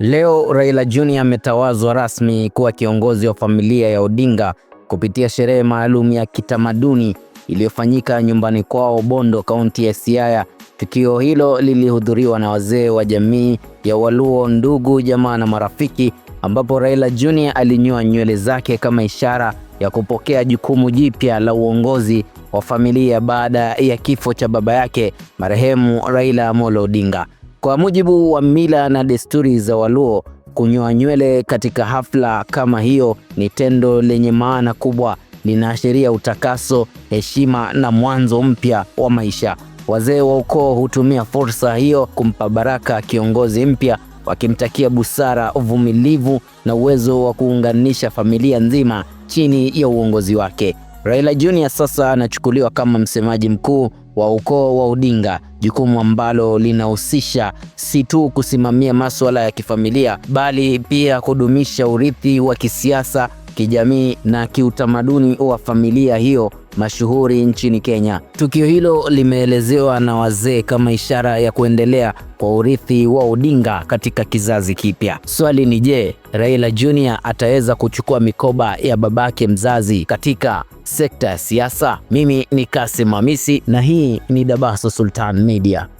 Leo Raila Junior ametawazwa rasmi kuwa kiongozi wa familia ya Odinga kupitia sherehe maalum ya kitamaduni iliyofanyika nyumbani kwao Bondo, kaunti ya Siaya. Tukio hilo lilihudhuriwa na wazee wa jamii ya Waluo, ndugu, jamaa na marafiki, ambapo Raila Junior alinyoa nywele zake kama ishara ya kupokea jukumu jipya la uongozi wa familia baada ya kifo cha baba yake marehemu Raila Amolo Odinga. Kwa mujibu wa mila na desturi za Waluo, kunyoa nywele katika hafla kama hiyo ni tendo lenye maana kubwa, linaashiria utakaso, heshima na mwanzo mpya wa maisha. Wazee wa ukoo hutumia fursa hiyo kumpa baraka kiongozi mpya, wakimtakia busara, uvumilivu na uwezo wa kuunganisha familia nzima chini ya uongozi wake. Raila Junior sasa anachukuliwa kama msemaji mkuu wa ukoo wa Odinga, jukumu ambalo linahusisha si tu kusimamia masuala ya kifamilia bali pia kudumisha urithi wa kisiasa, kijamii na kiutamaduni wa familia hiyo mashuhuri nchini Kenya. Tukio hilo limeelezewa na wazee kama ishara ya kuendelea kwa urithi wa Odinga katika kizazi kipya. Swali ni je, Raila Junior ataweza kuchukua mikoba ya babake mzazi katika sekta ya siasa. Mimi ni Kasim Hamisi na hii ni Dabaso Sultan Media.